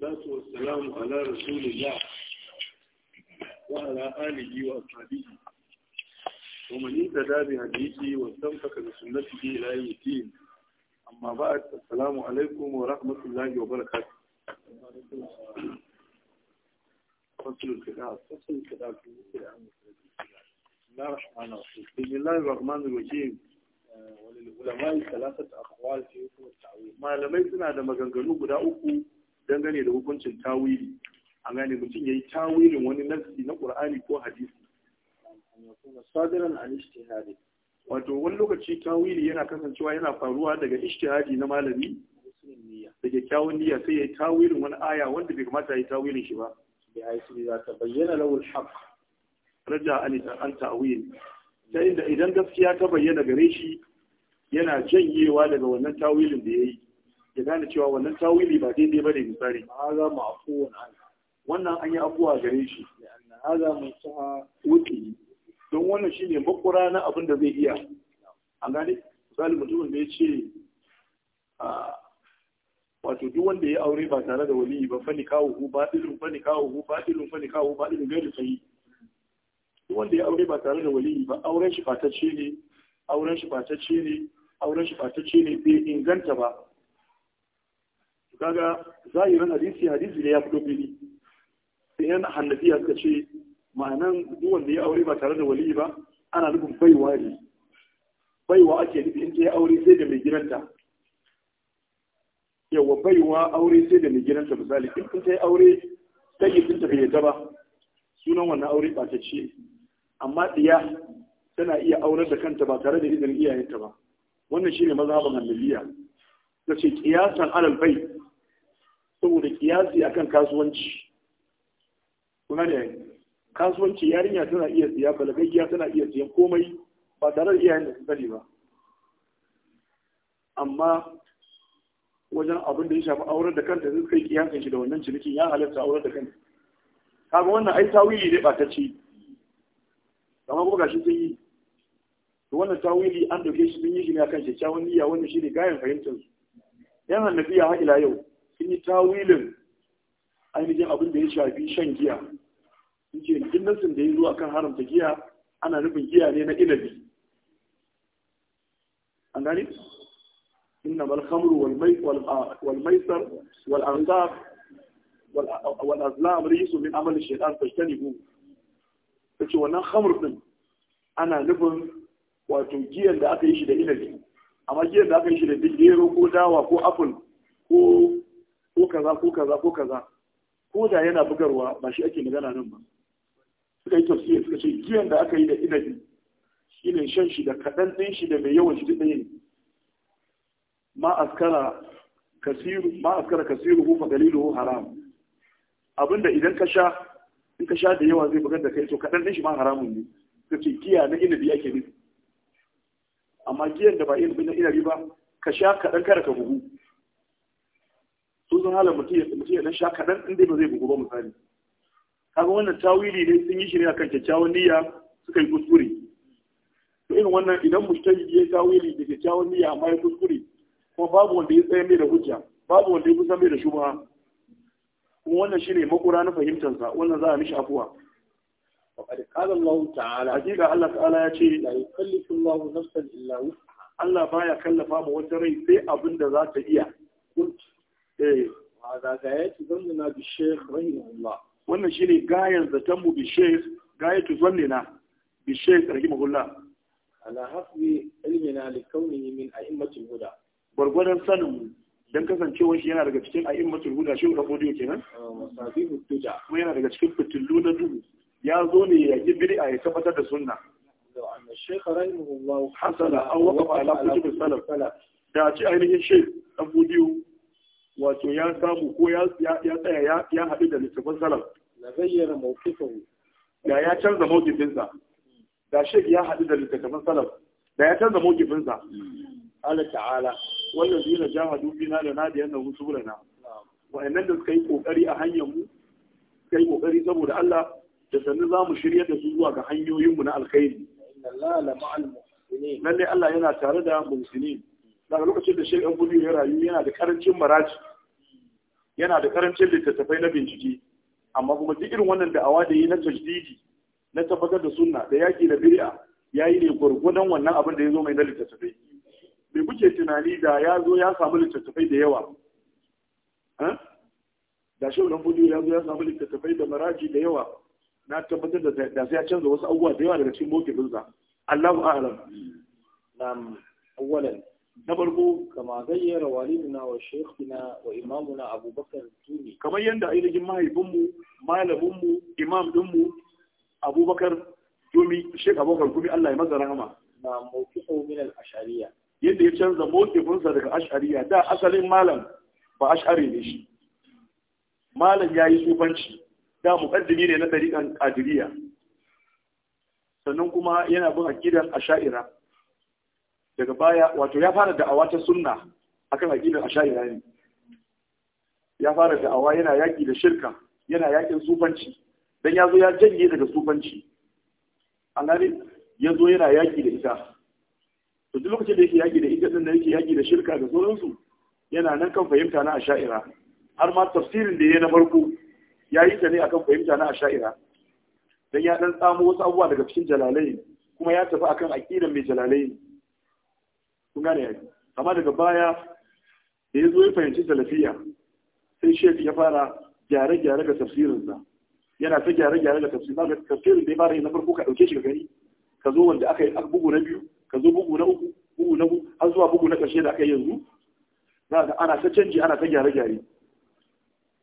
salatu wassalamu ala rasulillah wa ala alihi wa ashabihi wa man yata bi hadithi wa istamsaka bi sunnatihi ila yawm al-din amma ba'd assalamu alaikum wa rahmatullahi wa barakatuh فصل الكتاب فصل الكتاب في بسم الله الرحمن الرحيم بسم الله الرحمن الرحيم وللعلماء ثلاثة أقوال a dangane da hukuncin tawili a gane mutum ya yi tawilin wani nazi na ƙur'ani ko hadisi wato wani lokaci tawili yana kasancewa yana faruwa daga ijtihadi na malami da kyakkyawan niyya sai ya yi tawilin wani aya wanda bai kamata ya yi tawilin shi ba idan gaskiya ta bayyana gare shi yana janyewa daga wannan tawilin da ya yi ya gane cewa wannan tawili ba daidai bane misali haza wani ala wannan an yi abuwa gare shi anna haza ta wuti don wannan shi ne makura na abin da zai iya an gane misali mutumin da ya ce ah, wato duk wanda ya aure ba tare da waliyi ba fani kawo hu ba ilun fani kawo hu ba ilun fani kawo ba ilun gari sai duk wanda ya aure ba tare da waliyi ba auren shi ce ne auren shi ce ne auren shi ce ne bai inganta ba kaga zahirin hadisi hadisi ne ya fito fili sai yan hannafiya ya ce ma'anan duk wanda ya aure ba tare da wali ba ana nufin baiwa ne baiwa ake nufi in ta aure sai da mai gidanta yawa baiwa aure sai da mai gidanta misali in kun ta aure ta yi sun tafi ta ba sunan wannan aure ba ta ce amma diya tana iya aurar da kanta ba tare da izinin iyayenta ba wannan shine mazhaban hanbaliya ta ce kiyasan alal bai saboda kiyasi akan kasuwanci kuma ne kasuwanci yarinya tana iya siya balagaggiya tana iya siyan komai ba tare da iyayen da su sani ba amma wajen abin da ya shafi auren da kanta zai kai kiyasin shi da wannan cinikin ya halatta auren da kanta kaga wannan ai tawili ne ba ta ce amma kuma gashi sun yi to wannan tawili an dauke shi sun yi shi ne akan kyakkyawan niyya wani shi ne gayan fahimtar su yan hannabiya ha ila yau sun yi tawilin ainihin abin da ya shafi shan giya sun ce duk nasin da ya zo akan haramta giya ana nufin giya ne na inabi an gani inna malhamru khamru wal maisar wal anzab wal azlam risu min amal ta fajtanibu tace wannan hamur din ana nufin wato giyan da aka yi shi da inabi amma giyan da aka yi shi da gero ko dawa ko apple ko ko kaza ko kaza ko kaza ko da yana bugarwa ba shi ake magana nan ba suka yi tafsiri suka ce giyan da aka yi da inabi shine shan shi da kaɗan ɗin shi da mai yawan shi ɗaya ma askara kasiru ma askara kasiru ko fa dalilu haram abinda idan ka sha in ka sha da yawa zai bugar da kai to kaɗan ɗin shi ma haramun ne suka ce giya na inabi ake nufi amma giyan da ba inabi na inabi ba ka sha kaɗan kada ka bugu su zan halar mutum ya dan sha kaɗan in dai ba zai bugu ba misali kaga wannan tawili ne sun yi shi ne akan kyakkyawan niyya suka yi kuskure to irin wannan idan mujtahidi ya tawili da kyakkyawan niyya amma ya kuskure kuma babu wanda ya tsaya mai da hujja babu wanda ya kusa mai da shubha kuma wannan shine makura na fahimtar sa wannan za a mishi afuwa faqad qala Allah ta'ala hakika Allah ta'ala ya ce la yukallifu Allah nafsan illa wus'aha Allah baya kallafa ma wata rai sai abin da za ta iya kunci eh wa za wannan gayan zaton mu bi sheikh gayatu zannina ala ilmina li min huda sanin mu dan kasancewar shi yana daga cikin a'immatul huda shi rabo dio kenan ah, masabihu tuja kuma yana daga cikin fitullu na duhu ya zo ne ya yi bid'a ya tabbatar da sunna الشيخ رحمه الله حصل أو وقف على كتب السلف da ci ainihin shi ɗan wato ya samu ko ya tsaya ya haɗu da littafin salaf Na zayyana mawqifahu da ya canza mawqifinsa da shek ya haɗu da littafin salaf da ya canza mawqifinsa Allah ta'ala wannan zina jahadu dubina da na nadi yana rusulana wa'annan da suka yi ƙoƙari a hanyar mu suka yi ƙoƙari saboda Allah da sannu za mu shirya da su zuwa ga hanyoyinmu na alkhairi lalle Allah yana tare da musulmi daga lokacin da shi ɗan gudu ya rayu yana da karancin maraji yana da karancin littattafai na bincike amma kuma duk irin wannan da'awa da yi na tajdidi na tabbatar da sunna da yaƙi da bid'a ya yi ne gwargwadon wannan abin da ya zo mai na littattafai Me kuke tunani da ya zo ya samu littattafai da yawa da shi ɗan gudu ya zo ya samu littattafai da maraji da yawa na tabbatar da da sai ya canza wasu abubuwa da yawa daga cikin mokilinsa Allahu a'lam na'am awwalan na farko kama gayyara walidina wa shekina wa imamuna abubakar tuni kamar yadda ainihin mahaifinmu malaminmu imam dinmu abubakar tumi shek abubakar kuma allah ya maza rahama na mawkifu min al-ashariya yadda ya canza mawkifinsa daga ashariya da asalin malam ba ashari ne shi malam ya yi sufanci da muƙaddimi ne na tariƙan ƙadiriya sannan kuma yana bin aƙidan asha'ira daga baya wato ya fara da'awa ta sunna akan aqidar ash'ari ne ya fara da'awa yana yaki da shirka yana yakin sufanci dan yazo ya janye daga sufanci annabi yazo yana yaki da ita to duk lokacin da yake yaki da ita din da yake yaki da shirka da sauransu yana nan kan fahimta na ash'ira har ma tafsirin da yayi na farko yayi ta ne akan fahimta na ash'ira dan ya dan tsamo wasu abubuwa daga cikin jalalai kuma ya tafi akan aqidar mai jalalai kun gane ya amma daga baya da ya zo ya fahimci salafiya sai shek ya fara gyare-gyare ga tafsirinsa yana ta gyare-gyare ga tafsirin ga tafsirin da ya fara yi na farko ka ɗauke shi ka gani ka zo wanda aka yi bugu na biyu ka zo bugu na uku bugu na uku har zuwa bugu na ƙarshe da aka yi yanzu za ka ana ta canji ana ta gyare-gyare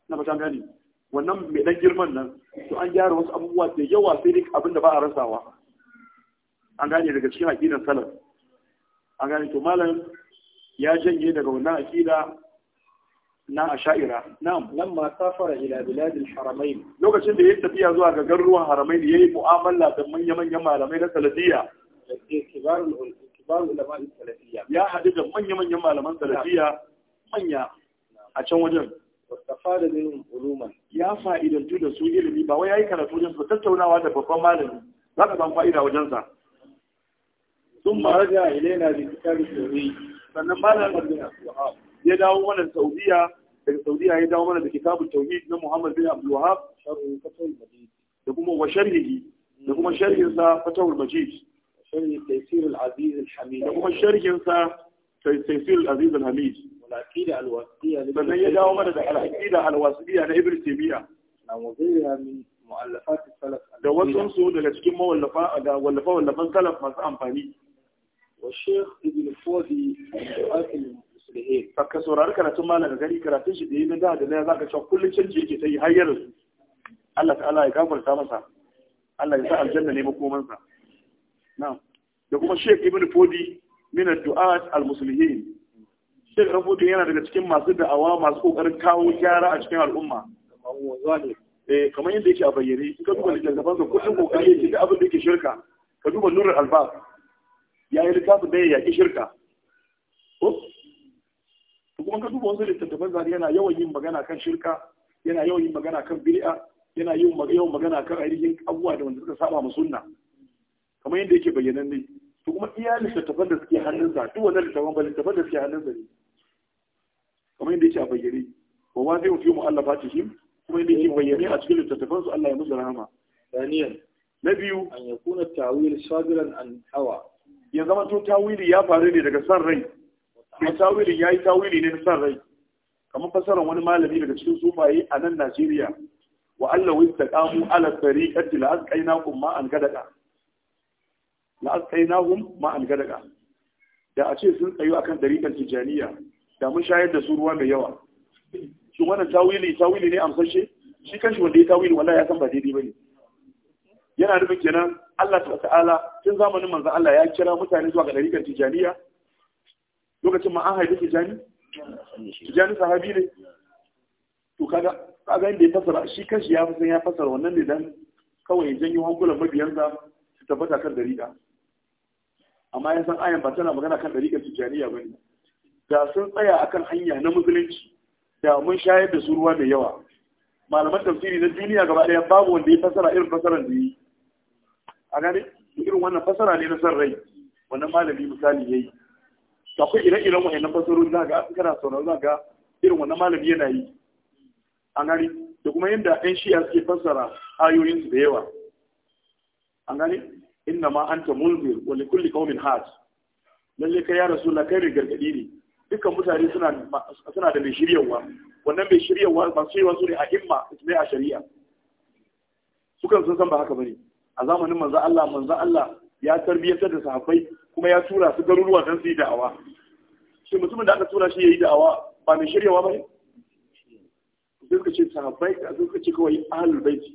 na fata gani wannan mai dan girman nan to an gyara wasu abubuwa da yawa sai dai abin da ba a rasawa an gane daga cikin aƙidar salaf a gani to malam ya janye daga wannan akida na asha'ira na'am lamma safara ila biladil haramain lokacin da ya tafiya zuwa ga garuruwan haramain yayi mu'amala da manya-manyan malamai na salafiyya kibarul ulama salafiyya ya haɗu da manya-manyan malaman salafiyya manya a can wajen wastafada minhum uluman ya fa'idantu da su ilimi ba wai yayi karatu wajen tattaunawa da babban malami zaka samu fa'ida wajen sa sun maraja ilaina bi kitabi tawhid sannan malam Abdul Wahab ya dawo mana Saudiya daga Saudiya ya dawo mana da kitabun tauhid na Muhammad bin Abdul Wahab da kuma wa sharhihi da kuma sharhin sa fatawul majid da kuma sharhin sa taysir al-aziz al-hamid sannan ya dawo mana da al-aqida al-wasitiyya na Ibn Taymiyyah da wasu su daga cikin mawallafa da wallafa wallafan salaf masu amfani والشيخ ابن الفوزي ka saurari karatun malam gari karatun shi da yi na da ده ده zaka cewa كل شيء يجي ta yi الله تعالى Allah ta'ala ya الله masa Allah ya sa aljanna ne makomansa da kuma من Ibn Fodi الشيخ ad-du'at daga cikin masu da'awa masu kokarin kawo gyara a cikin al'umma eh kamar yadda yake a bayyane in ka duba littattafansa kullum kokari yake da abin da yake shirka ka duba nurar albab ya yi littafin da ya yaƙi shirka kuma ka duba wasu littattafan zari yana yawan yin magana kan shirka yana yawan yin magana kan bid'a yana yawan magana kan ainihin abubuwa da wanda suka saba mu sunna kamar yadda yake bayyanan ne to kuma iya littattafan da suke hannunsa duk wannan littattafan ba littattafan da suke hannunsa ne kamar yadda yake a bayyane wa wa zai Allah ba cikin kuma yadda yake bayyane a cikin littattafansu Allah ya musu rahama daniel na biyu an yakuna tawil sadiran an hawa ya zama to tawili ya faru ne daga san rai kuma tawilin ya yi tawili ne na san rai kamar fasarar wani malami daga cikin sufaye a nan najeriya wa allah wani ta kamu ala tariƙati la'azƙainahum ma an gadaka la'azƙainahum ma an gadaka da a ce sun tsayo akan tariƙar tijjaniya da mun shayar da su ruwa mai yawa shi wannan tawili tawili ne amsashe shi kanshi wanda ya tawili wallahi ya san ba daidai ba ne. yana nufin kenan Allah ta'ala tun zamanin manzo Allah ya kira mutane zuwa ga dariƙar tijaniya lokacin ma an haifi tijani tijani sahabi ne to kaga kaga inda ya fasara shi kanshi ya fasara ya fasara wannan ne dan kawai ya janyo hankulan mabiyansa su tabbata kan dariƙa amma ya san ayan ba tana magana kan dariƙar tijaniya bane da sun tsaya akan hanya na musulunci da mun shayar da su ruwa da yawa malaman tafsiri na duniya gaba ɗaya babu wanda ya fasara irin fasaran da yi a gane irin wannan fasara ne na san rai wannan malami misali yayi to akwai ire-iren na fasarun za ga kana sauraro za ga irin wannan malami yana yi a gane da kuma yadda ɗan shi'a suke fassara ayoyin su da yawa an gane inna ma anta munzir wa li kulli qaumin had lalle kai ya rasulullah kai gargadi ne dukkan mutane suna suna da mai shiryawa wannan mai shiryawa ba su yi wasu ne a himma ne a shari'a sukan sun san ba haka bane a zamanin manzo Allah manzo Allah ya tarbiyyar da sahabbai kuma ya tura su garuruwa don su yi da'awa shi mutumin da aka tura shi ya yi da'awa ba mai shiryawa ba ne duk ce sahabbai A suka ce kawai ahlul baiti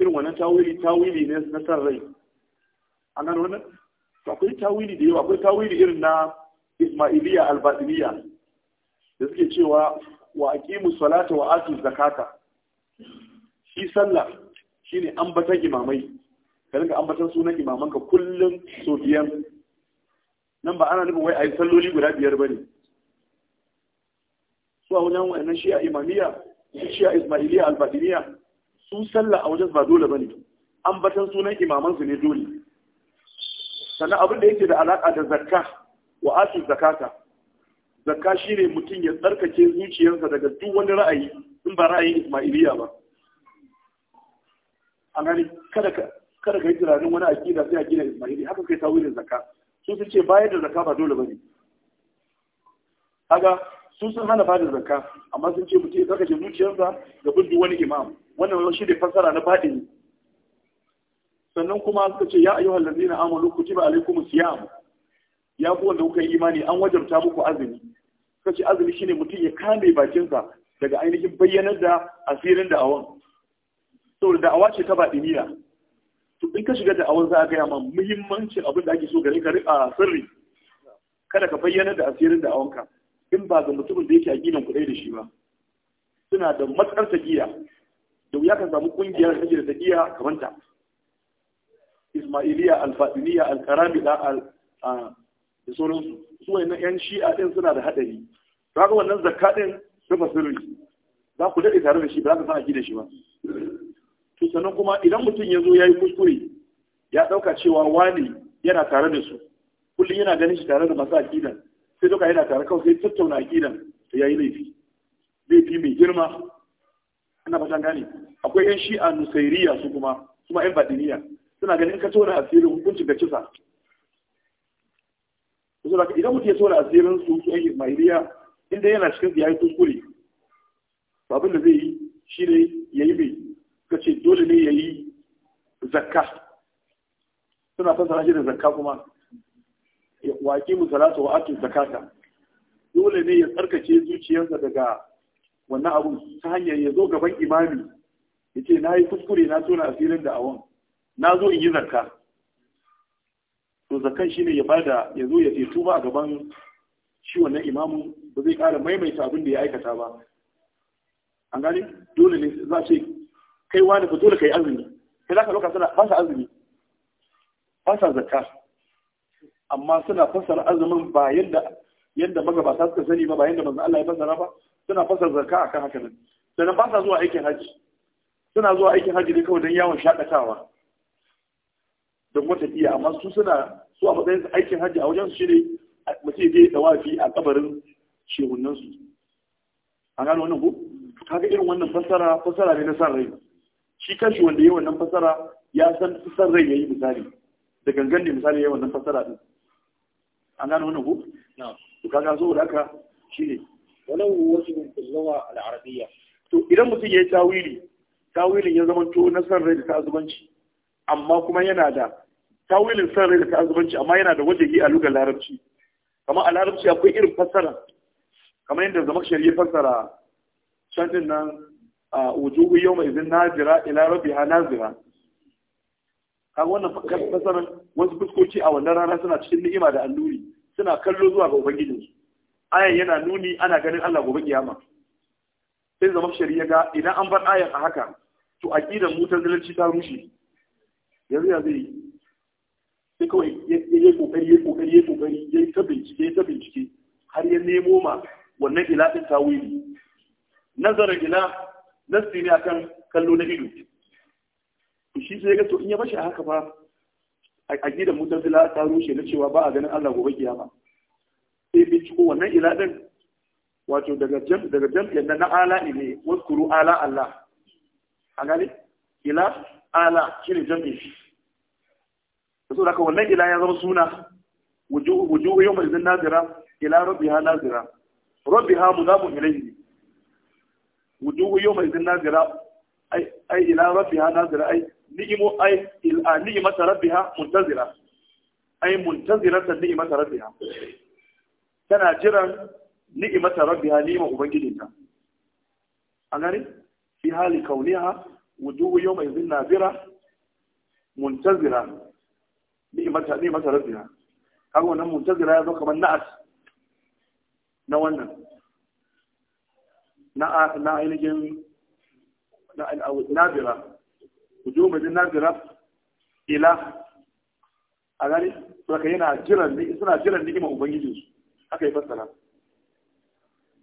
irin wannan tawili tawili ne na san rai an gano wannan to akwai tawili da yawa akwai tawili irin na ismailiya albadiliya da suke cewa wa aqimu salata wa atu zakata shi sallah shine ambatan imamai ka rinka ambatan sunan ka kullum so biyar nan ba ana nufin wai a yi salloli guda biyar ba ne su a wajen wa'annan shi'a imamiyya shi'a ismailiyya albatiniya su sallah a wajen ba dole ba ne ambatan sunan imamansu ne dole sannan abin da yake da alaƙa da zakka wa asu zakata zakka shine mutum ya tsarkake zuciyarsa daga duk wani ra'ayi in ba ra'ayin ismailiyya ba an kada ka kada ka yi tunanin wani aƙida sai aƙida ismaili haka kai ta wurin zakka su sun ce bayar da zakka ba dole bane ne. su sun hana bada zakka amma sun ce mutum ya saka shi zuciyarsa ga bin wani imam wannan shi ne fassara na ne sannan kuma suka ce ya ayyuhal ladina amanu kutiba alaykum siyam ya ku wanda kuka yi imani an wajabta muku azumi suka ce azumi ne mutum ya kame bakinsa daga ainihin bayyanar da asirin da awon saboda da'awa ce ta baɗiniya to in ka shiga da'awar za a gaya ma muhimmancin abin da ake so gare ka a sirri kada ka bayyana da asirin da awanka. in ba ga mutumin da yake a gidan kuɗai da shi ba suna da matsar taƙiya da wuya ka samu ƙungiyar da take da taƙiya kamar ta ismailiya alfadiniya alkaramida da sauransu su wayannan yan shi'a din suna da haɗari kaga wannan zakka din rufa sirri za ku daɗe tare da shi ba za ka san a da shi ba to sannan kuma idan mutum ya zo ya yi kuskure ya ɗauka cewa wani yana tare da su kullum yana ganin shi tare da masu aƙidan sai duka yana tare kawai sai tattauna aƙidan to ya yi laifi laifi mai girma ana fatan gane akwai yan shi'a nusairiya su kuma kuma yan badiniya suna ganin ka tona asirin hukuncin ga cisa saboda idan mutum ya tona asirin su su yan ismailiya inda yana cikin ya yi kuskure babin da zai yi shi ne ya yi mai suka ce dole ne ya yi zakka suna son shi da zakka kuma waƙi musalata wa ake zakata dole ne ya tsarkace zuciyarsa daga wannan abu ta hanyar ya zo gaban imami ya ce na yi kuskure na tona asirin da awon na zo in yi zakka to zakkan shi ne ya bada ya zo ya ce tuba a gaban shi wannan imamu ba zai ƙara maimaita abin da ya aikata ba an gani dole ne za ce kai wani ku dole kai azumi sai zaka lokacin suna fasa azumi fasa zakka amma suna fassara azumin ba yadda yadda magabata suka sani ba ba yadda manzo Allah ya fasara ba suna fasar zakka akan haka nan sai ba sa zuwa aikin haji suna zuwa aikin haji ne kawai don yawon shakatawa don wata iya amma su suna su a matsayin aikin haji a wajen su shi ne mutum je da wafi a kabarin shehunan su an gano wannan ko kaga irin wannan fasara. Fasara ne na san rai shi kanshi wanda ya wannan fasara ya san san rai ya yi misali da gangan ne misali yi wannan fasara din an gano wannan ko na'am to kaga so da haka shine wannan wasu da al-arabiyya to idan mutum ya yi tawili tawilin ya zama to na san rai da ta'azubanci amma kuma yana da tawilin san rai da ta'azubanci amma yana da yi a lugar larabci kamar a larabci akwai irin fasara, kamar yadda zama shari'a fasara. shantin nan wujuhu yawma idhin nazira ila rabi rabbiha nazira kaga wannan fasaran wasu fuskoki a wannan rana suna cikin ni'ima da alluri suna kallo zuwa ga ubangijinsu ayan yana nuni ana ganin Allah gobe kiyama sai zama shari'a ga idan an bar ayan a haka to a aqidar mutazilanci ta rushe yanzu ya zai sai kawai ya yi kokari ya kokari ya kokari ya yi ta bincike ya ta bincike har ya nemo ma wannan ila din tawili nazarin ila nasti ne akan kallo na ido shi sai ga to in ya bashi haka ba a gidan mutazila ta rushe na cewa ba a ganin Allah gobe kiyama sai ciko, wannan ila din wato daga jam daga jam na ala ne waskuru ala Allah A gani, ila ala shine jam'i saboda haka wannan ila ya zama suna wujuhu wujuhu idan nazira ila rabbiha nazira rabbiha mudafun ilayhi wujuhu yawma idhin nazira ai ai ila rabbiha nazira ai ni'imu ai ila ni'mat rabbiha muntazira ai ta ni'mat rabbiha tana jiran ni'imat rabbiha ni'ma ubangijinta A gani fi hali kauniha wujuhu yawma idhin nazira muntazira ni'imat ni'mat rabbiha kaga wannan muntazira ya zo kamar na'at na wannan na ainihin nabira hujumajin nabira ila a gani suka yana jiran suna jiran ni'imar ubangijinsu aka yi fassara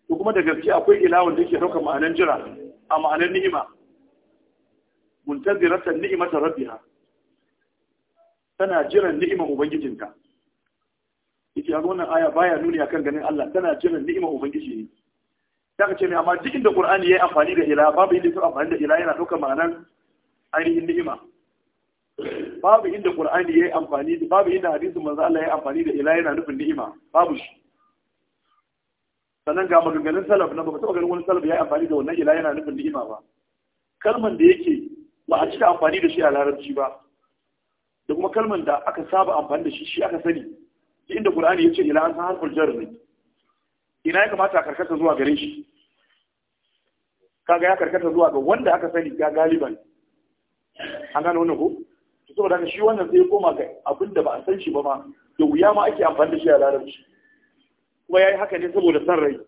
Ko kuma da gaske akwai ila wanda yake ɗaukar ma'anar jira a ma'anar ni'ima muntaziratan ni'imata rabbiha tana jiran ni'imar ubangijinta yake a wannan aya baya nuni akan ganin Allah tana jiran ni'imar ubangiji ne sai ce mai amma duk inda qur'ani yayi amfani da ila babu inda yake amfani da ila yana daukar ma'anar ainihin ni'ima babu inda qur'ani yayi amfani da babu inda hadisin manzo Allah yayi amfani da ila yana nufin ni'ima babu shi sannan ga maganganun salaf na baka taba ganin wani salaf yayi amfani da wannan ila yana nufin ni'ima ba kalman da yake ba a cika amfani da shi a larabci ba da kuma kalman da aka saba amfani da shi shi aka sani inda qur'ani yace ila an san harful jar ne ina ya kamata a karkata zuwa gare shi kaga ya karkata zuwa ga wanda aka sani ga galiban an gano wannan ko to saboda haka shi wannan sai koma ga abin da ba a san shi ba ma da wuya ma ake amfani da shi a larabci kuma yayi haka ne saboda san rai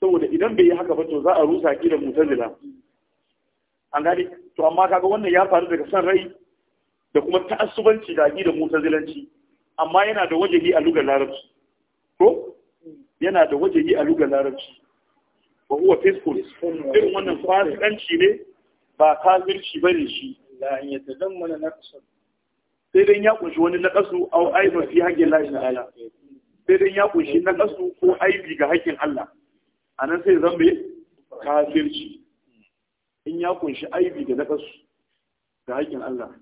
saboda idan bai yi haka ba to za a rusa ki da mutazila an gani. to amma kaga wannan ya faru daga san rai da kuma ta'assubanci da aqidar mutazilanci amma yana da wajehi a lugar larabci ko yana da wajehi a lugar larabci wa huwa fiskul irin wannan fasikanci ne ba kafirci bane shi la in yatadammana naqsa sai dan ya kunshi wani naqasu aw aibun fi haqqin Allah ta'ala sai dan ya kunshi naqasu ko aibi ga haƙƙin Allah a nan sai zan me kafirci in ya kunshi aibi da naqasu ga haƙƙin Allah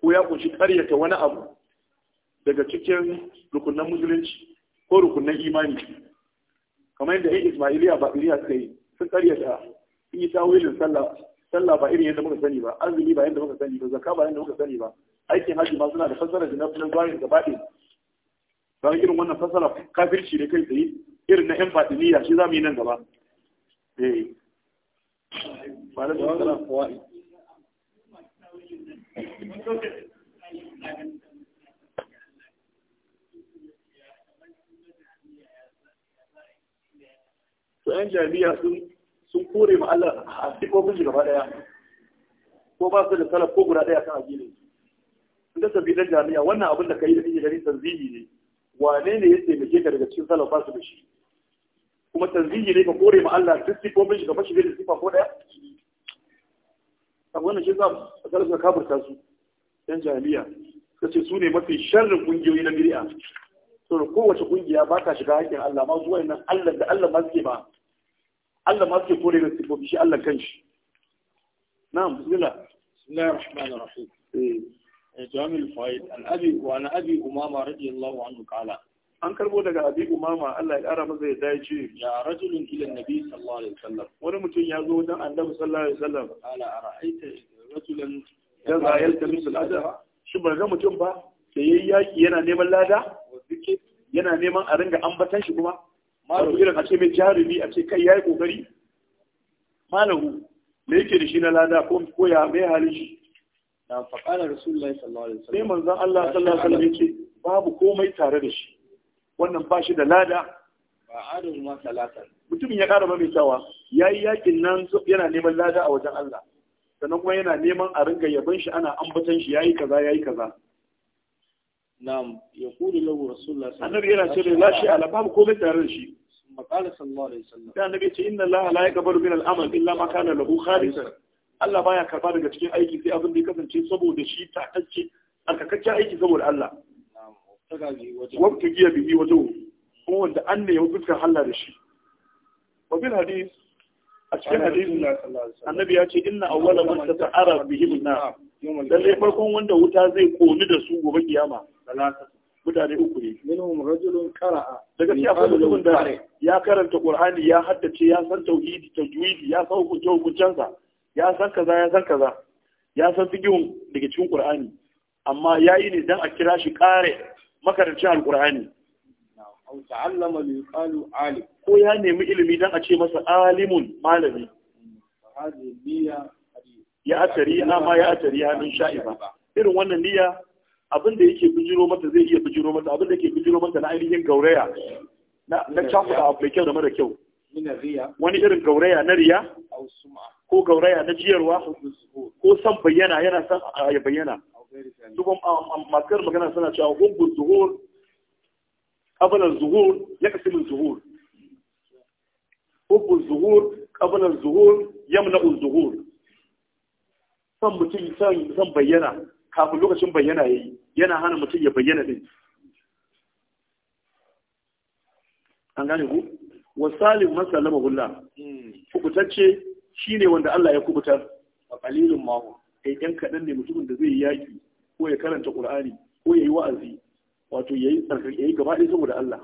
ko ya kunshi karyata wani abu daga cikin rukunan musulunci ko rukunan imani kamar yadda yin ismailiya ba iriya suka yi sun karyata sun yi tawilin sallah sallah ba irin yadda muka sani ba azumi ba yadda muka sani ba zakka ba yadda muka sani ba aikin haji ma suna da fassara da nafilan zuwa gaba ɗaya ba irin wannan fassara kafirci ne kai tsaye irin na yan batiniya shi za mu yi nan gaba eh ba da to yan jami'a sun sun kore ma Allah a sifofin shi gaba daya ko ba su da salaf ko guda daya kan addini in da sabi dan jami'a wannan abin da kai da kake gani tanzihi ne wane ne ya taimake ka daga cikin salaf ba su da shi kuma tanzihi ne ka kore ma Allah duk sifofin shi gaba shi da sifa ko daya a wannan shi za a salaf ka kafirta su yan jami'a kace su ne mafi sharrin kungiyoyi na bid'a saboda kowace kungiya ba ta shiga hakkin Allah ma zuwa nan Allah da Allah ma suke ba Allah ma suke kore da sifofi shi Allah kanshi na'am bismillah bismillahir rahmanir rahim eh, eh jami'ul faid an abi wa an abi umama radiyallahu anhu qala an karbo daga abi umama Allah ya kara masa yadda ya ce ya rajulun ila nabi sallallahu alaihi wasallam wani mutum ya zo wajen annabi sallallahu alaihi wasallam ala ara'aita rajulan ya zayal tamisul adha shi ba ga mutum ba sai yayi yaki yana neman lada yana neman a ringa ambatan shi kuma malam irin a ce mai jarumi a ce kai ya yi kokari malahu me yake da shi na lada ko ya mai halin shi na sun rasulullahi sallallahu alaihi wasallam sai manzon Allah sallallahu alaihi wasallam yake babu komai tare da shi wannan ba shi da lada ba ma mutumin ya ƙara Ya yayi yakin nan yana neman lada a wajen Allah sannan kuma yana neman a ringa yabon shi ana ambatan shi yayi kaza yayi kaza na'am ya kuli lahu rasulullah annabi yana cewa la shi komai tare da shi maqala sallallahu alaihi wasallam da annabi ce inna allaha la yaqbalu min al-amal illa ma kana lahu khalisan Allah baya karba daga cikin aiki sai abin da ya kasance saboda shi tatacce tsarkakakken aiki saboda Allah wabta giya bihi wajen kuma wanda an ne ya fuskar Allah da shi wabin hadis a cikin hadis annabi ya ce inna awwala man tata'ara bihi bin nar lallai farkon wanda wuta zai koni da su gobe kiyama mutane uku ne minhum rajulun qara'a daga cikin akwai mutumin da ya karanta qur'ani ya haddace ya san tauhidi tajwidi ya san hukunce hukuncensa ya san kaza ya san kaza ya san fiqhun daga cikin qur'ani amma yayi ne dan a kira shi kare makarancin alqur'ani au ta'allama li yuqalu alim ko ya nemi ilimi dan a ce masa alimun malami hadhihi niyya ya atari na ma ya atari ha min sha'iba irin wannan niyya abin da yake bijiro mata zai iya bijiro mata abin da yake bijiro mata na ainihin gauraya na da abu mai kyau da mara kyau wani irin gauraya na riya ko gauraya na jiyarwa ko san bayyana yana san ya bayyana duk masu magana suna cewa gungun zuhur kabalar zuhur ya min zuhur gungun zuhur kabalar zuhur yamna'ul zuhur son mutum son bayyana kafin lokacin bayyana ya yi yana hana mutum ya bayyana din an gane ku wasalin masalama hulla hmm. kubutacce ne wanda Allah ya kubutar a kalilin mahu kai ɗan kaɗan ne mutumin da zai yi yaƙi ko ya karanta ƙur'ani ko ya yi wa'azi wato ya yi tsarkar ya gaba ɗaya saboda Allah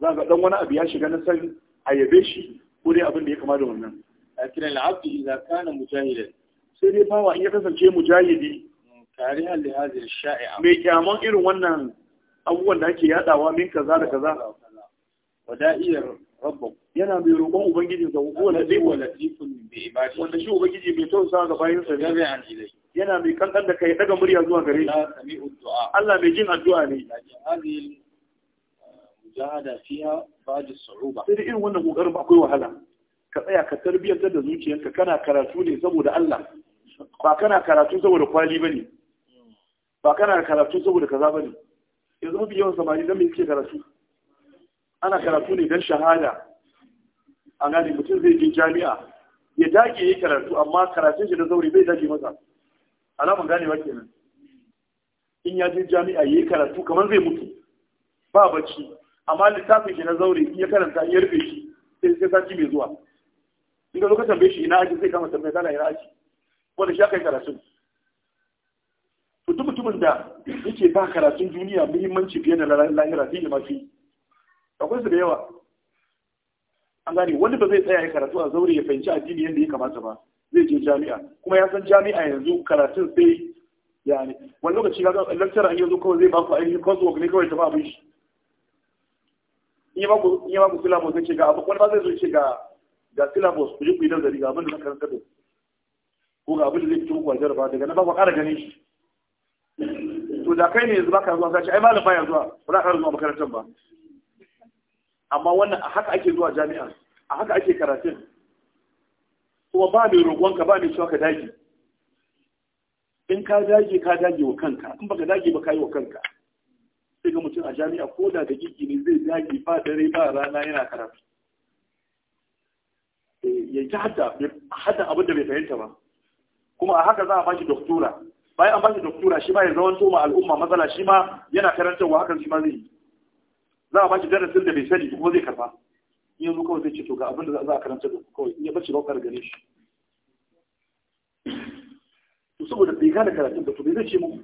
za ga ɗan wani abu ya shiga na san a yabe shi ko dai abin da ya kama da wannan. a kiran la'abdi idan kana mujahidan sai dai fawa in ya kasance mujahidi tarihan li hadhihi shaia mai kyaman irin wannan abubuwan da ake yadawa min kaza da kaza wada'iyar rabbu yana mai roƙon ubangiji ga da dai wala difun bi ibadi wanda shi ubangiji bai tausa ga bayin sa gabe an yana mai kankan da kai daga murya zuwa gare shi Allah mai jin addu'a ne hadhihi mujahada fiha ba'd suuba sai irin wannan kokarin akwai wahala ka tsaya ka tarbiyyantar da zuciyarka kana karatu ne saboda Allah ba kana karatu saboda kwali bane ba kana karatu saboda kaza bane yanzu mafi yawan samari dan me suke karatu ana karatu ne don shahada A gane mutum zai je jami'a ya dage yi karatu amma karatun shi na zaure bai dage masa alamun ganewa kenan in ya je jami'a ya yi karatu kamar zai mutu ba bacci amma littafin shi na zaure in ya karanta in ya rufe shi sai sai sati mai zuwa in ka zo ka shi ina aji sai kama tambaye kana ina aji wanda shi aka yi karatun to duk mutumin da yake ba karatun duniya muhimmanci fiye da lahira fi da mafi akwai su da yawa an gane wani ba zai tsaya ya karatu a zaure ya fahimci addini yadda ya kamata ba zai je jami'a kuma ya san jami'a yanzu karatun sai yani wani lokaci ga lecturer an yanzu kawai zai ba ku ainihin coursework ne kawai ta ba shi in ya ba ku syllabus zai ce ga abu wani ba zai zo ce ga syllabus ku yi ku yi nazari ga abin da na karanta da ko ga abin da zai fito muku aljar ba daga nan ba ku ƙara ganin shi to da kai ne yanzu ka zuwa sashi ai malam baya zuwa ba za ka zuwa makarantar ba amma wannan a haka ake zuwa jami'a a haka ake karatun kuma ba mai roƙonka ba mai cewa ka dage in ka dage ka dage wa kanka in baka dage ba ka yi wa kanka sai ga mutum a jami'a ko da dakiki ne zai dage ba dare ba rana yana karatu eh, ya yi ta hada abin da bai fahimta ba kuma a haka za a bashi doktora bayan an bashi doktora shi ma ya zama toma al'umma matsala shi ma yana karantarwa hakan shi ma zai yi za a bashi darasin da bai sani kuma zai karba yanzu kawai zai ce to ga abin da za a karanta da kawai in ya bace ba kar gare shi to saboda bai gane karatun da to bai zai ce muku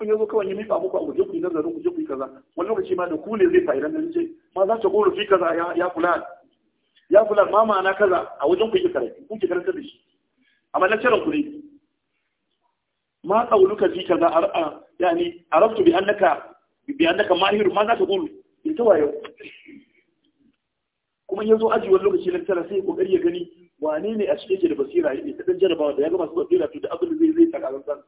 in yanzu kawai ya miƙa muku a je ku yi nazarin ku je ku yi kaza wani lokaci ma da ku ne zai fa'idan da ce ma za ta goro fi kaza ya kula ya kula ma ma'ana kaza a wajen ku karatu ku ki karanta da shi amma na kiran ku ne ma qauluka fi kaza ar'a yani arabtu bi annaka bi annaka mahir ma za ka in ita wayo kuma ya zo aji wani lokaci na tara sai kokari ya gani wane ne a cikin ke da basira ya ta dan jarabawa da ya ga masu basira to da abin da zai zai ta karanta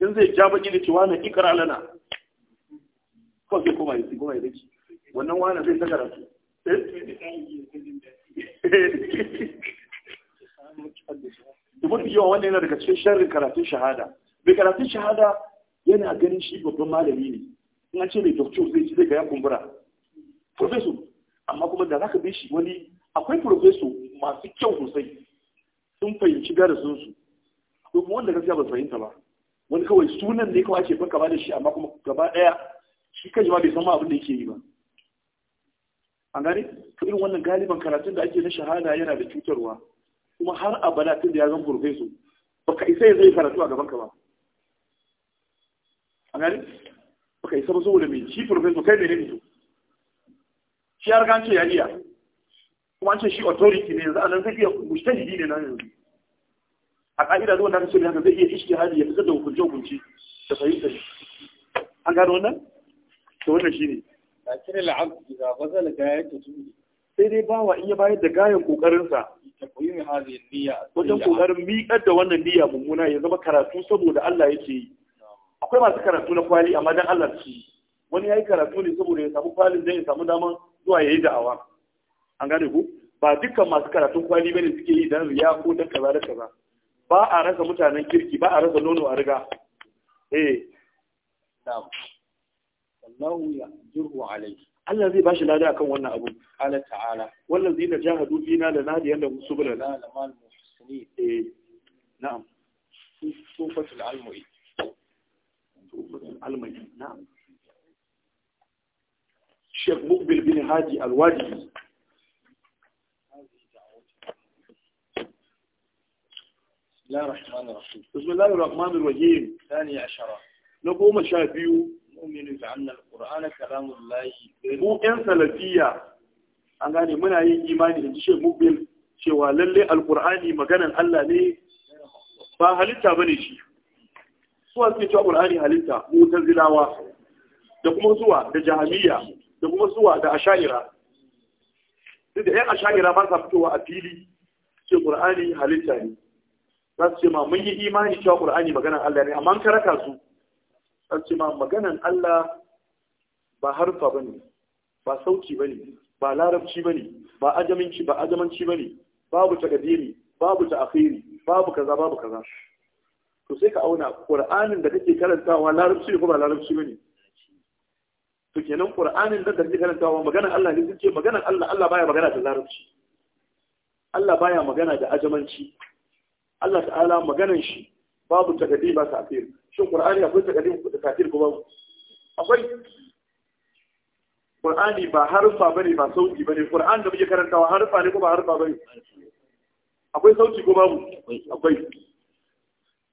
in zai ja baki da cewa na ikra lana ko sai kuma ya kuma yi wannan wani zai ta karanta da mafi yawa wannan yana daga cikin sharrin karatun shahada bai karatun shahada yana ganin shi babban malami ne in an ce mai doktor zai ci zai ga ya kumbura professor amma kuma da zaka bi shi wani akwai professor masu kyau sosai sun fahimci darasin su akwai kuma wanda gaskiya ba fahimta ba wani kawai sunan ne kawai ake fanka kama da shi amma kuma gaba daya shi kan ma bai san ma abin da yake yi ba an gane irin wannan galiban karatun da ake na shahada yana da cutarwa kuma har abada tun da ya zan profeso baka isa ya zai karatu a gaban ka ba an gane baka isa ba saboda mai shi su kai mai ne su shi har gance ya iya kuma an ce shi authority ne yanzu anan zai iya mujtahidi ne na yanzu a ka'ida da wanda kace haka zai iya hali ya fitar da hukunce da fahimta an gano wannan to wannan ne. lakin al'abd idza bazal gayatu tudi sai dai bawa in ya bayar da gayan kokarin sa takwimi hadhihi niyya wajen kokarin miƙar da wannan niyya mummuna ya zama karatu saboda Allah yake yi akwai masu karatu na kwali amma dan Allah ce wani yayi karatu ne saboda ya samu kwalin dan ya samu daman zuwa yayi da'awa an gane ku ba dukkan masu karatun kwali bane suke yi dan riya ko dan kaza da kaza ba a rasa mutanen kirki ba a rasa nono a riga eh na'am wallahu ya jirhu alai Allah zai bashi lada akan wannan abu Allah ta'ala wannan zai da jahadu fina da nadi yanda musubula la lamal muhsini eh na'am tufatul almu'i tufatul almu'i na'am Sheikh Mukbil bin Haji al بسم الله الرحمن الرحيم بسم الله الرحمن الرحيم ثاني عشرة نقوم شافيو nu'minu bi anna al-qur'ana kalamullahi mu ɗan salafiya an gane muna yin imani da ji shi mubil cewa lalle Alƙur'ani maganan Allah ne ba halitta bane shi su suke cewa qur'ani halitta Zilawa, da kuma zuwa da jahamiyya da kuma zuwa da asha'ira duk da yan asha'ira ba sa fitowa a fili ce qur'ani halitta ne za su ce ma mun yi imani cewa qur'ani maganan Allah ne amma an karaka su an ce ma maganan Allah ba harfa ba ne, ba sauti ne, ba larabci ba ne, ba ajaminci ba ajamanci ne babu gadiri babu ta akhiri babu kaza babu kaza to sai ka auna qur'anin da kake karantawa larabci ne ko ba larabci ne to kenan qur'anin da kake karantawa maganan Allah ne sai maganan Allah Allah baya magana da larabci Allah baya magana da ajamanci Allah ta'ala maganan shi babu takadi ba tafsir shin qur'ani akwai takadi ko tafsir ko babu akwai qur'ani ba harfa bane ba sauti bane qur'an da muke karantawa harfa ne ko ba harfa bane akwai sauti ko babu akwai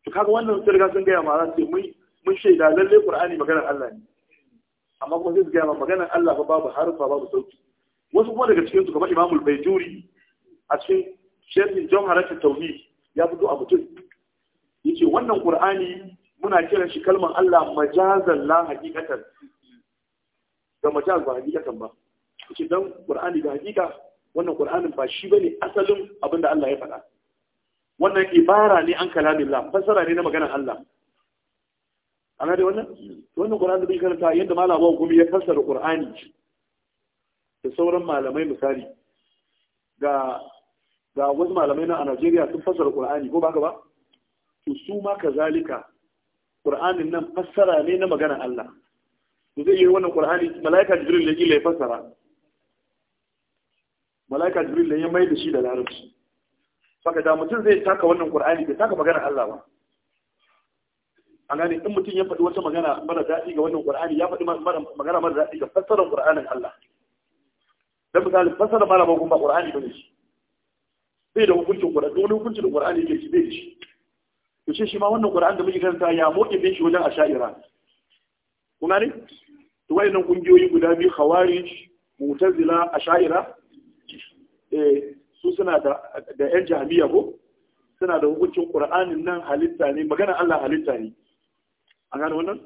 to kaga wannan sai riga sun gaya ma ran sai mun mun shaida lalle qur'ani maganar Allah ne amma kuma sai gaya ma maganar Allah ba babu harfa babu sauti wasu kuma daga cikin su kamar imamul bayjuri a cikin sharhin Jawharat harafin tauhid ya fito a mutum yace wannan qur'ani muna kiran shi kalman Allah majazan la haqiqatan da majaz ba haqiqatan ba yace dan qur'ani da haqiqa wannan qur'anin ba shi bane asalin abinda Allah ya faɗa wannan ibara ne an Allah. fasara ne na maganar Allah ana da wannan wannan Qur'an da bai karanta yadda malama ya fassara Qur'ani da sauran malamai misali ga ga wasu malamai na a Najeriya sun fassara Qur'ani ko baka ba to su ma kazalika qur'anin nan fassara ne na maganar Allah to zai yi wannan qur'ani malaika jibril ne kila ya fassara malaika jibril ne ya mai da shi da larabci saka da mutum zai taka wannan qur'ani bai taka maganar Allah ba an gane in mutum ya faɗi wata magana mara daɗi ga wannan qur'ani ya faɗi magana mara daɗi ga fassarar qur'anin Allah dan misali fassara malaman kuma qur'ani bane shi bai da hukuncin qur'ani wani hukuncin ƙur'ani qur'ani yake shi bai shi to shi shi ma wannan Qur'an da muke karanta ya moke bin shi wajen asha'ira Kuma ne, to nan kungiyoyi guda biyu khawarij mu'tazila asha'ira eh su suna da da yan jahmiya ko suna da hukuncin Qur'anin nan halitta ne magana Allah halitta ne an gane wannan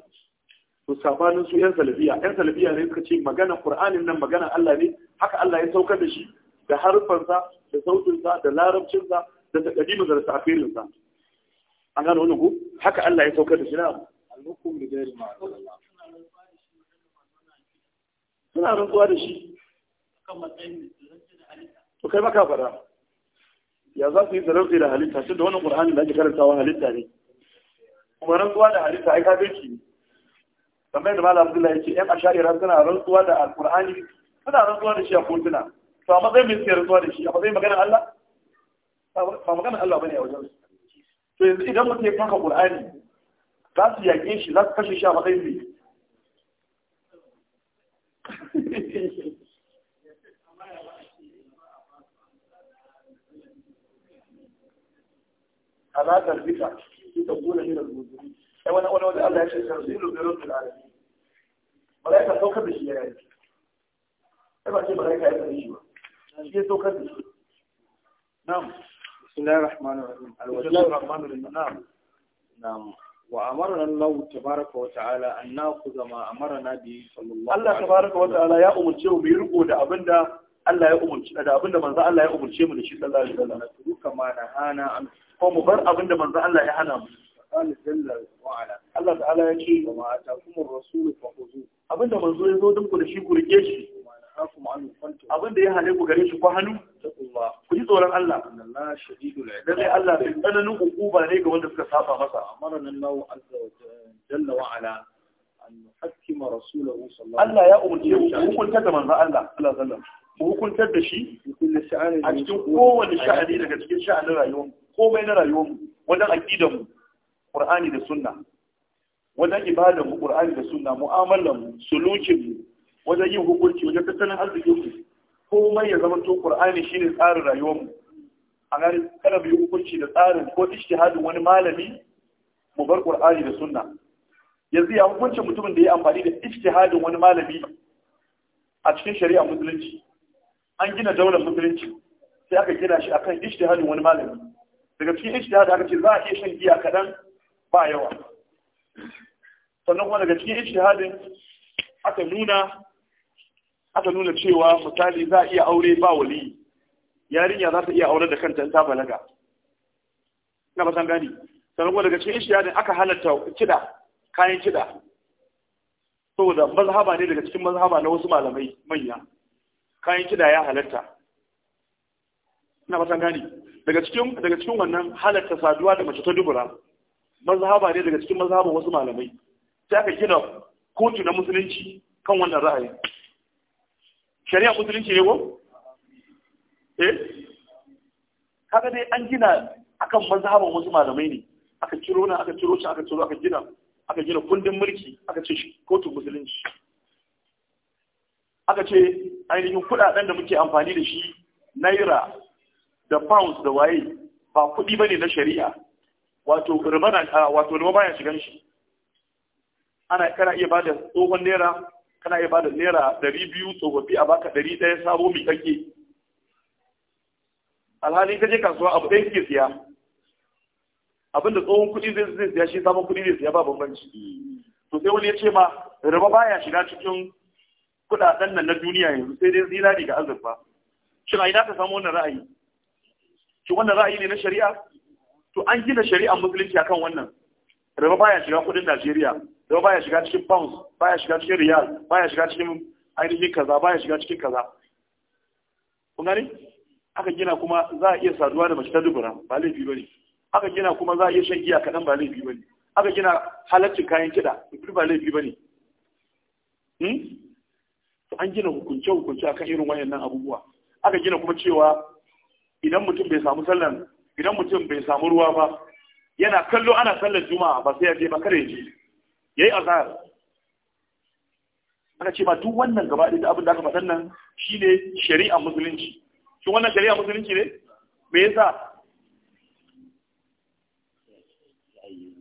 to sabanin su yan salafiya yan salafiya ne suka ce magana Qur'anin nan magana Allah ne haka Allah ya saukar da shi da harfansa da sautinsa da larabcinsa da takadimin da tafirinsa an gano wani ku haka Allah ya saukar da shi na al-hukum ma suna rantsuwa da shi to kai maka fara ya za su yi zararci da halitta shi da wannan qur'ani da ake karantawa halitta ne kuma rantsuwa da halitta ai kafirci ne kamar da malam Abdullahi yace yan asha'ira suna rantsuwa da al-qur'ani suna rantsuwa da shi a kotuna to a matsayin mai suke rantsuwa da shi a matsayin maganar Allah ba maganar Allah bane a wajen su to yanzu idan mutum ya kanka qur'ani za su yaƙe shi za su kashe shi a matsayin mai alaƙar bika ita gona ne da rubutu ai wani wani wanda Allah ya ce sai zuru da rubutu alaƙi malaika saukar da shi ya yi ai ba ce malaika ya tsaye shi ba shi ya saukar da shi na'am بسم الله الرحمن الرحيم الوجه الرحمن الرحيم نعم نعم وأمرنا الله تبارك وتعالى أن نأخذ ما أمرنا به صلى الله عليه وسلم الله تبارك وتعالى يا أم الشيء بيرقوا da abinda Allah ya umurci da abinda manzo Allah ya umurce mu da shi sallallahu alaihi wasallam turuka ma nahana an ko mu bar abinda manzo Allah ya hana mu قال جل وعلا الله تعالى يقول وما آتاكم الرسول فخذوه abinda manzo ya zo dinku da shi ku rike shi akhafu anhu abin da ya hale ku gare shi ko hannu ku ji tsoron Allah Allah shadidul Allah bai tsananin hukuma ne ga wanda suka saba masa amarna Allah azza wa jalla wa ala an nuhakkima rasulahu Allah ya umurce hukunta da manzo Allah sallallahu alaihi mu hukuntar da shi a cikin kowane sha'ani daga cikin sha'anin rayuwar komai na rayuwar mu wajen aqidar mu Qur'ani da Sunna wajen ibadar mu Qur'ani da Sunna mu'amalar mu sulukin mu wajen yin hukunci wajen tattalin arzikin mu komai ya zama to Qur'ani shine tsarin rayuwar mu a gani kada mu yi hukunci da tsarin ko ijtihadin wani malami mu bar Qur'ani da sunna yanzu ya hukuncin mutumin da ya amfani da ijtihadin wani malami a cikin shari'a musulunci an gina daular musulunci sai aka gina shi akan ijtihadin wani malami daga cikin ijtihad aka ce za a iya shan giya kadan ba yawa sannan kuma daga cikin ijtihadin aka nuna aka nuna cewa misali za a iya aure ba wali yarinya za ta iya aure da kanta ta balaga na ba san gani sanan kuma daga cikin ishiyadin aka halatta kiɗa kayan kiɗa saboda mazhaba ne daga cikin mazhaba na wasu malamai manya kayan kiɗa ya halatta na ba san gani daga cikin daga cikin wannan halatta saduwa da mace ta dubura mazhaba ne daga cikin mazhaban wasu malamai sai aka gina kotu na musulunci kan wannan ra'ayin shari'a musulunci ne ko eh kaga dai an gina akan mazhaban wasu malamai ne aka ciro na aka ciro shi aka ciro aka gina aka gina kundin mulki aka ce kotun musulunci aka ce ainihin kudaden da muke amfani da shi naira da pounds da waye ba kudi bane na shari'a wato rubana wato rubana ya shigan shi ana kana iya bada tsohon naira kana iya bada naira ɗari biyu tsofaffi a baka ɗari ɗaya sabo mai kake alhali ka je kasuwa abu ɗaya suke siya abinda tsohon kuɗi zai zai siya shi sabon kuɗi zai siya ba bambanci to sai wani ya ce ma Raba baya shiga cikin kuɗaɗen nan na duniya yanzu sai dai zinari ga azurfa shin a ina ka samu wannan ra'ayi shi wannan ra'ayi ne na shari'a to an gina shari'ar musulunci akan wannan Raba baya shiga kuɗin Najeriya ba baya shiga cikin pounds baya shiga cikin riyal baya shiga cikin ainihin kaza baya shiga cikin kaza kun gani aka gina kuma za a iya saduwa da mace ta dubura ba laifi bane aka gina kuma za a iya shan giya kaɗan ba laifi bane aka gina halaccin kayan kiɗa duk ba laifi bane hmm? an gina hukunce hukunce akan irin wayannan abubuwa aka gina kuma cewa idan mutum bai samu sallan idan mutum bai samu ruwa ba yana kallo ana sallar juma'a ba sai ya je ba kare ya je yayi azhar aka ce ba duk wannan gaba da abin da aka faɗan nan shine shari'ar musulunci shin wannan shari'ar musulunci ne me yasa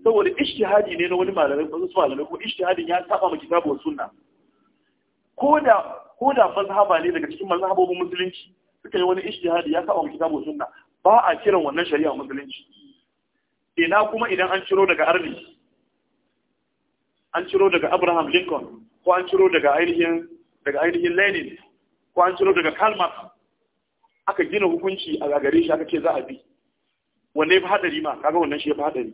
saboda ishtihadi ne na wani malamai ko su malamai ko ishtihadin ya taba ma kitabu sunna koda koda mazhaba ne daga cikin mazhabobin musulunci suka yi wani ishtihadi ya taba ma kitabu sunna ba a kiran wannan shari'a musulunci ina kuma idan an ciro daga arziki. an ciro daga abraham lincoln ko an ciro daga ainihin daga ainihin lenin ko an ciro daga karl marx aka gina hukunci a gare shi aka ce za a bi wanne ya fi hadari ma kaga wannan shi ya fi hadari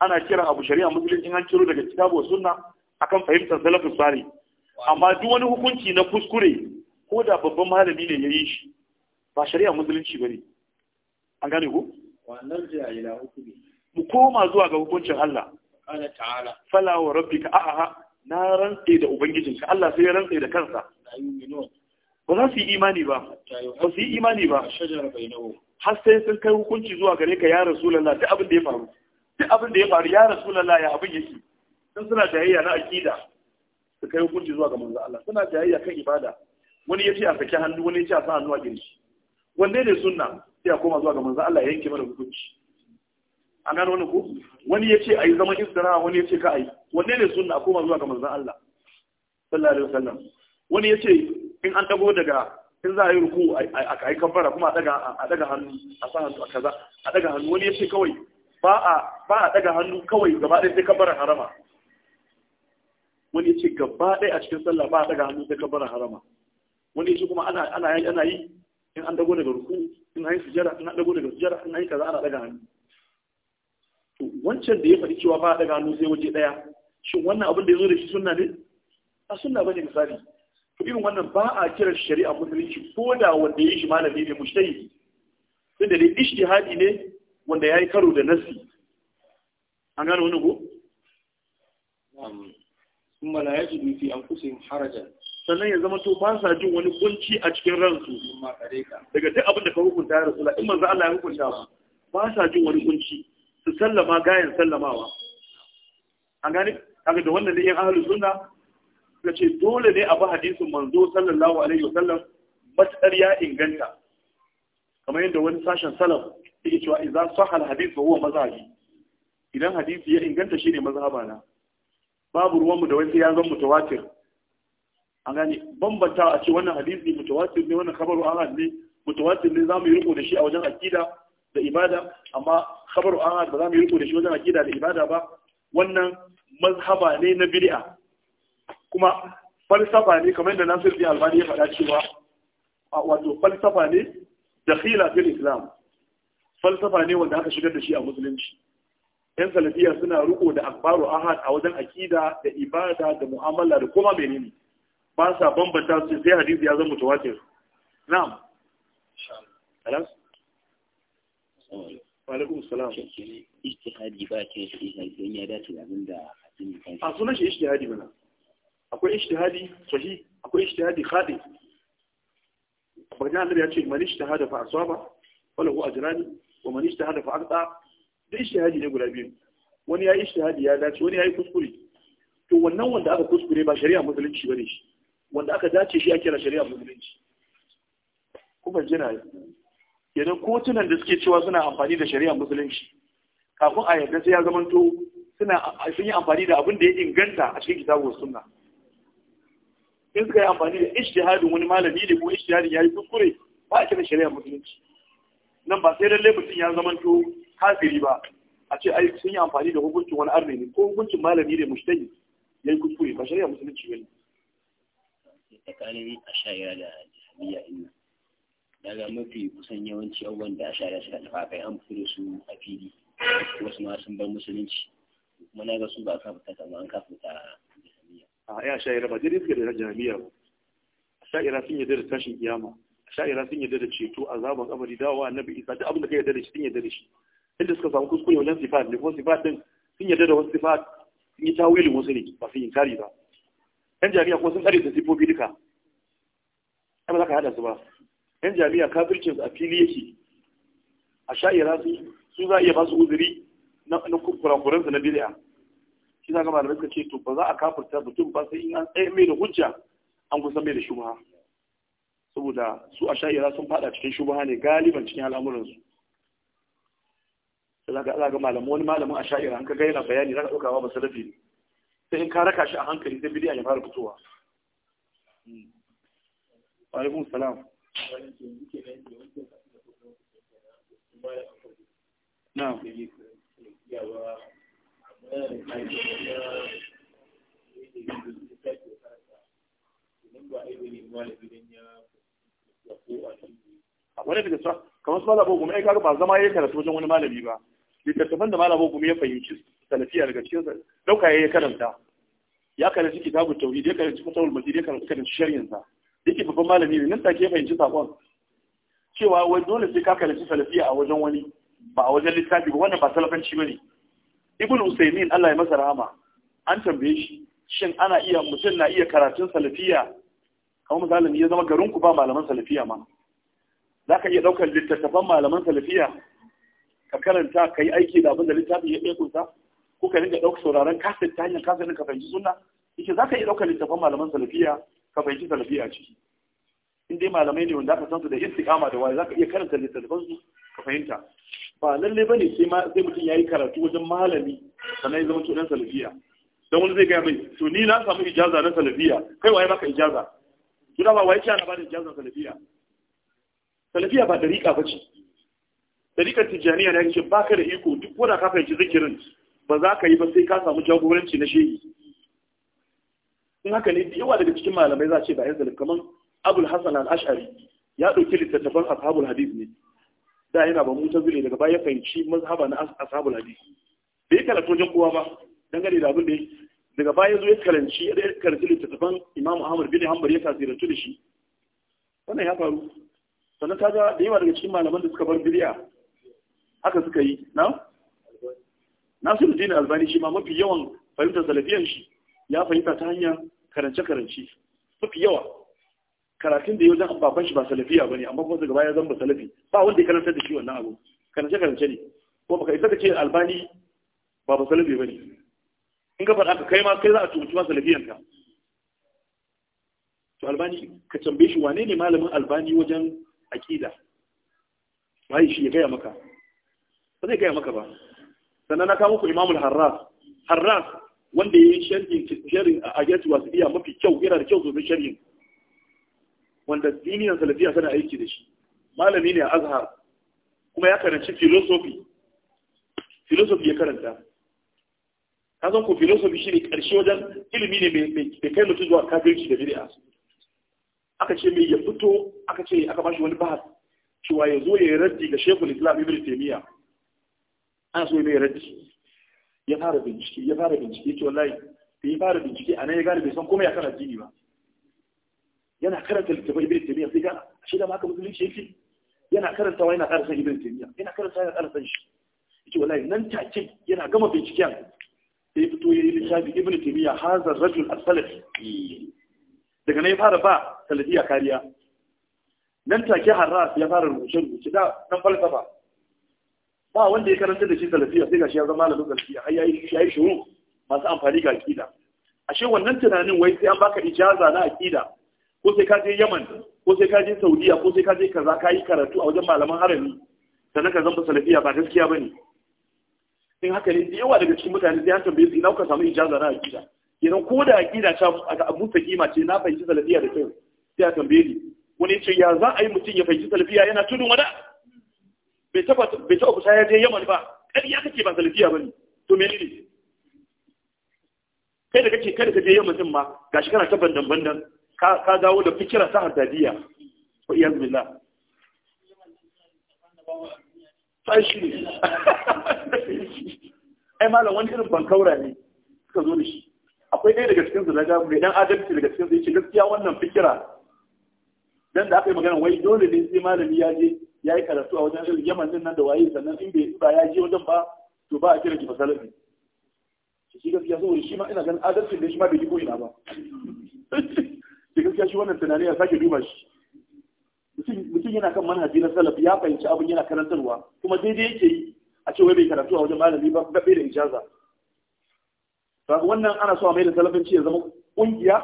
ana kira abu shari'a musulunci an ciro daga kitabu sunna akan fahimtar salafus sari amma duk wani hukunci na kuskure ko da babban malami ne ya yi shi ba shari'a musulunci ba ne an gane ku? mu koma zuwa ga hukuncin Allah qala ta'ala fala wa rabbika a'a na rantse da ubangijinka Allah sai ya rantse da kansa ba za su yi imani ba ba su yi imani ba har sai sun kai hukunci zuwa gare ka ya rasulullah duk abin da ya faru duk abin da ya faru ya rasulullah ya abin yake sun suna jayayya na akida su kai hukunci zuwa ga manzo Allah suna jayayya kan ibada wani ya ce a saki hannu wani ya ce a sa hannu a girshi wanne ne sunna sai a koma zuwa ga manzo Allah ya yanke mana hukunci an gano wani ko wani ya ce a yi zaman istira, wani ya ce ka a yi wanne ne sunna a koma zuwa ga manzan Allah sallallahu alaihi wasallam wani ya ce in an dago daga in za a yi ruku a yi kafara kuma a daga hannu a sa hannu a kaza a daga hannu wani ya ce kawai ba a daga hannu kawai gaba ɗaya sai kafara harama wani ya ce gaba ɗaya a cikin sallah ba a daga hannu sai kafara harama wani ya ce kuma ana ana yi in an dago daga ruku in an yi sujjara in an dago daga sujjara in an yi kaza ana daga hannu wancan da ya faɗi cewa ba a daga hannu sai waje ɗaya shin wannan abin da ya zo da shi sunna ne a sunna ne misali to irin wannan ba a kira shari'a musulunci ko da wanda ya yi shi malami ne mushtahidi sun da dai ishtihadi ne wanda ya yi karo da nasi an gano wani ko sun mala ya ji fi an kusa yin harajan sannan ya zama to ba sa jin wani kunci a cikin ransu daga duk abin da ka hukunta ya rasu in manzo Allah ya hukunta ba sa jin wani kunci su sallama gayan sallamawa an gane kaga da wannan ne yan ahlus sunna suka ce dole ne a bi hadisin manzo sallallahu alaihi wasallam matsar ya inganta kamar yadda wani sashen salaf yake cewa idza sahal hadith fa huwa mazhabi idan hadisi ya inganta shine mazhaba na babu ruwanmu da wani ya zan mutawatir an gane bambanta a ce wannan hadisi mutawatir ne wannan kabaru ahad ne mutawatir ne zamu yi riko da shi a wajen akida da ibada amma khabaru ahad ba za mu yi riko da shi wajen akida da ibada ba wannan mazhaba ne na bid'a kuma falsafa ne kamar yadda Nasir bin Albani ya faɗa cewa wato falsafa ne da khila fil Islam falsafa ne wanda aka shigar da shi a musulunci yan salafiya suna riko da akbaru ahad a wajen akida da ibada da mu'amala da kuma menene ba sa bambanta su sai hadisi ya zama mutawatir na'am خلاص Walaikun salam. Shekirin ishtihadi ba ke ishtihadi don ya dace da abin da addini kan. A sunan shi ishtihadi mana. Akwai ishtihadi sahi, akwai ishtihadi khadi. Bajan Allah ya ce man ishtihada fa asaba wala hu ajrani wa man ishtihada fa aqta. Da ishtihadi ne guda biyu. Wani ya yi ishtihadi ya dace, wani ya yi kuskure. To wannan wanda aka kuskure ba shari'a musulunci bane shi. Wanda aka dace shi ake kira shari'a musulunci. Kuma jina idan kotunan da suke cewa suna amfani da shari'a musulunci kafin a yarda sai ya zamanto suna sun yi amfani da abin da ya inganta a cikin kitabun sunna in suka yi amfani da ijtihadin wani malami ne ko ijtihadin yayi kuskure ba a kira shari'a musulunci nan ba sai lalle mutum ya zamanto kafiri ba a ce ai sun yi amfani da hukuncin wani arne ne ko hukuncin malami da mushtaki yayi kuskure ba shari'a musulunci bane tsakanin ashayira da jahiliya din daga mafi kusan yawanci abubuwan da ashariya suka tafa kai an fito su a fili wasu ma sun bar musulunci kuma na ga su ba ka fita kamar an kafa ta jami'a a ya sha'ira ba jirgin suka da jami'a ba sha'ira sun yarda da tashin kiyama sha'ira sun yarda da ceto azaban kabari dawowa annabi isa duk abin da ka yarda da shi sun yarda da shi inda suka samu kuskure wajen sifat ne kuma sifat din sun yarda da wasu sifat sun yi tawilin wasu ne ba sun yi kari ba yan jami'a kuma sun kare da sifofi duka ai ba za ka hada su ba yan jami'a kafircin a fili yake a sha'ira su su za iya masu uzuri na kurakuran su na bid'a shi za ga malamai suka ce to ba za a kafirta mutum ba sai in an tsaye mai da hujja an gusa mai da shubha saboda su a sha'ira sun fada cikin shubha ne galiban cikin al'amuransu za ga malamu wani malamin a sha'ira an ka gaya yana bayani za ka ɗaukawa ba salafi ne sai in ka raka shi a hankali sai bidiya ya fara fitowa. Hmm. Wa alaikum salam. Na'am. wani daga sa kamar su malabo gumi ai kaga ba zama yayin karatu wajen wani malami ba littattafan da malabo gumi ya fahimci salafiya daga cikin sa dauka yayin karanta ya karanci kitabu tauhid ya karanci fatawul majid ya karanci karanci sharhin sa yake babban malami ne nan take fahimci sakon cewa wai dole sai ka kalli salafiya a wajen wani ba a wajen littafi ba wannan ba salafanci bane ibnu usaymin Allah ya masa rahama an tambaye shi shin ana iya mutum na iya karatun salafiya kamar misalin ya zama garin ku ba malaman salafiya ma za ka iya daukar littattafan malaman salafiya ka karanta ka yi aiki da abin da littafin ya ɗaya kusa ko ka rinka ɗaukar sauraron kaset ta hanyar kaset ka fahimci suna yake za ka iya ɗaukar littattafan malaman salafiya ka fahimci salafiya a ciki in dai malamai ne wanda aka san su da istiqama da waye zaka iya karanta littattafan su ka fahimta ba lalle bane sai ma sai mutum yayi karatu wajen malami sannan ya zama to dan salafiya dan wani zai ga mai to ni na samu ijaza na salafiya kai waye baka ijaza kina ba waye kana ba da ijaza salafiya salafiya ba dariƙa ba ce dariƙar tijjaniya ne yake baka da iko duk wanda ka fahimci zikirin ba za ka yi ba sai ka samu jagoranci na shehi in haka ne yawa daga cikin malamai za a ce ba yanzu kamar abul hasan al-ash'ari ya ɗauki littattafan ashabul hadith ne da yana ba zule daga baya fahimci mazhaba na ashabul hadith bai karatu wajen kowa ba dangane da abin da daga baya zo ya karanci ya karanci littattafan imamu ahmad bin hanbal ya tasirantu da shi wannan ya faru sannan kaga da yawa daga cikin malaman da suka bar bid'a haka suka yi na Nasiruddin Albani shi ma mafi yawan fahimtar salafiyan shi ya fahimta ta hanya karance-karance mafi yawa karatun da yau zan ba shi ba salafiya ba ne amma kuma daga baya zan ba salafi ba wanda ya karanta da shi wannan abu karance-karance ne kuma baka isa ka ce albani ba ba salafi ba ne in ka faɗa ka kai ma kai za a tumuci ma ka. to albani ka tambaye shi wane ne malamin albani wajen aƙida waye shi ya gaya maka ba zai gaya maka ba sannan na kawo ku imamul harras harras wanda ya yi sharhin a ajiyarci wasu iya mafi kyau yana da kyau domin sharhin wanda duniyan salafiya tana aiki da shi malami ne a azhar kuma ya karanci filosofi. Filosofi ya karanta ka san ko shi shine karshe wajen ilimi ne mai kai mutu zuwa kafirci da bid'a aka ce mai ya fito aka ce aka bashi wani bahas cewa ya zo ya yi raddi ga shekul islam ibn taymiya ana so ya mai raddi ya fara bincike ya fara bincike ce wallahi da ya fara bincike a nan ya gane bai san komai akan addini ba yana karanta littafin ibn taymiya sai ga shi da maka musulunci yake yana wa yana ƙara san ibn taymiya yana karanta yana ƙara shi yace wallahi nan take yana gama binciken sai ya fito yayi littafi ibn taymiya hazar rajul as salaf daga nan ya fara ba salafiya kariya nan take harra ya fara rubuce rubuce da nan falsafa ba wanda ya karanta da shi salafiya sai gashi ya zama malamin salafiya har yayi yayi shuru masu amfani ga akida ashe wannan tunanin wai sai an baka ijaza na akida ko sai ka je Yaman ko sai ka je Saudiya ko sai ka je kaza ka yi karatu a wajen malaman harami sannan ka zama salafiya ba gaskiya bane in haka ne da yawa daga cikin mutane sai an tambaye su ina kuka samu ijaza na akida idan ko da akida ta abun kima ce na fahimci salafiya da kai sai a tambaye ni wani ce ya za a yi mutum ya fahimci salafiya yana tudun wada bai taɓa kusa ya je yaman ba ya kake ba salafiya ba ne to mene ne kai da kake kada ka je yaman din ma shi kana ta bandan bandan ka dawo da fikira ta haddadiya wa iya zubila fashi ne ai malam wani irin bankaura ne suka zo da shi akwai ɗaya daga cikin zulaga mai dan adalci daga cikin zai ce gaskiya wannan fikira dan da aka yi magana wai dole ne sai malami ya je ya yi karatu a wajen irin yaman din nan da waye sannan in bai ba ya je wajen ba to ba a kira ki masalafi shi gaskiya saboda shi ma ina ganin adalcin da shi ma bai yi ko'ina ba shi gaskiya shi wannan tunani ya sake duba shi mutum yana kan manhaji na salafi ya fahimci abin yana karantarwa kuma daidai yake yi a ce wai bai karatu a wajen malami ba gabe da ijaza wannan ana so a mai da salafinci ya zama kungiya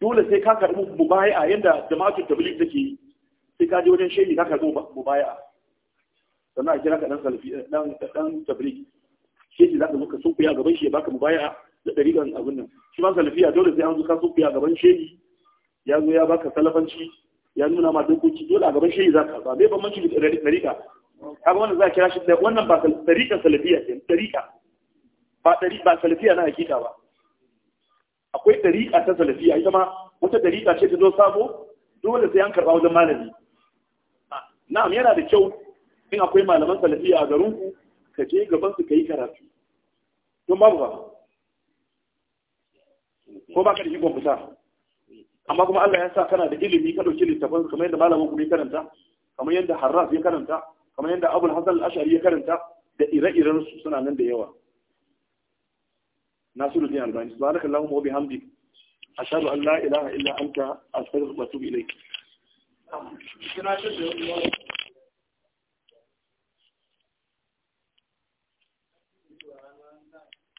dole sai ka karɓi a yadda jama'atul tabligh take yi sai ka je wajen shehi ka karɓi mubaya sannan a kira ka dan salafi dan eh, dan tablighi shehi za ka zo ka sunkuya gaban shi ya baka mubaya da ɗariƙan abin nan shi ma salafiya dole sai an zo ka sunkuya gaban shehi ya zo ya baka salafanci ya nuna ma dokoki dole a gaban shehi za ka ba bai bambanci da dariƙa?" kaga wannan za a kira shi wannan ba ɗariƙan salafiya ce dariƙa." ba ɗari ba salafiya na hakika ba akwai dariƙa ta salafiya ita ma wata dariƙa ce ta zo sabo dole sai an karɓa wajen malami na'am yana da kyau in akwai malaman salafiya a garinku ka je gaban su kai karatu don babu ba ko ba ka da ikon fita amma kuma Allah ya sa kana da ilimi ka dauki littafin kamar yadda malamin ku ne karanta kamar yadda Harraf ya karanta kamar yadda Abul Hasan al-Ash'ari ya karanta da ire-iren su suna nan da yawa Nasiruddin Albani subhanakallahumma wa bihamdik ashhadu an la ilaha illa anta astaghfiruka wa atubu ilayk Can I just do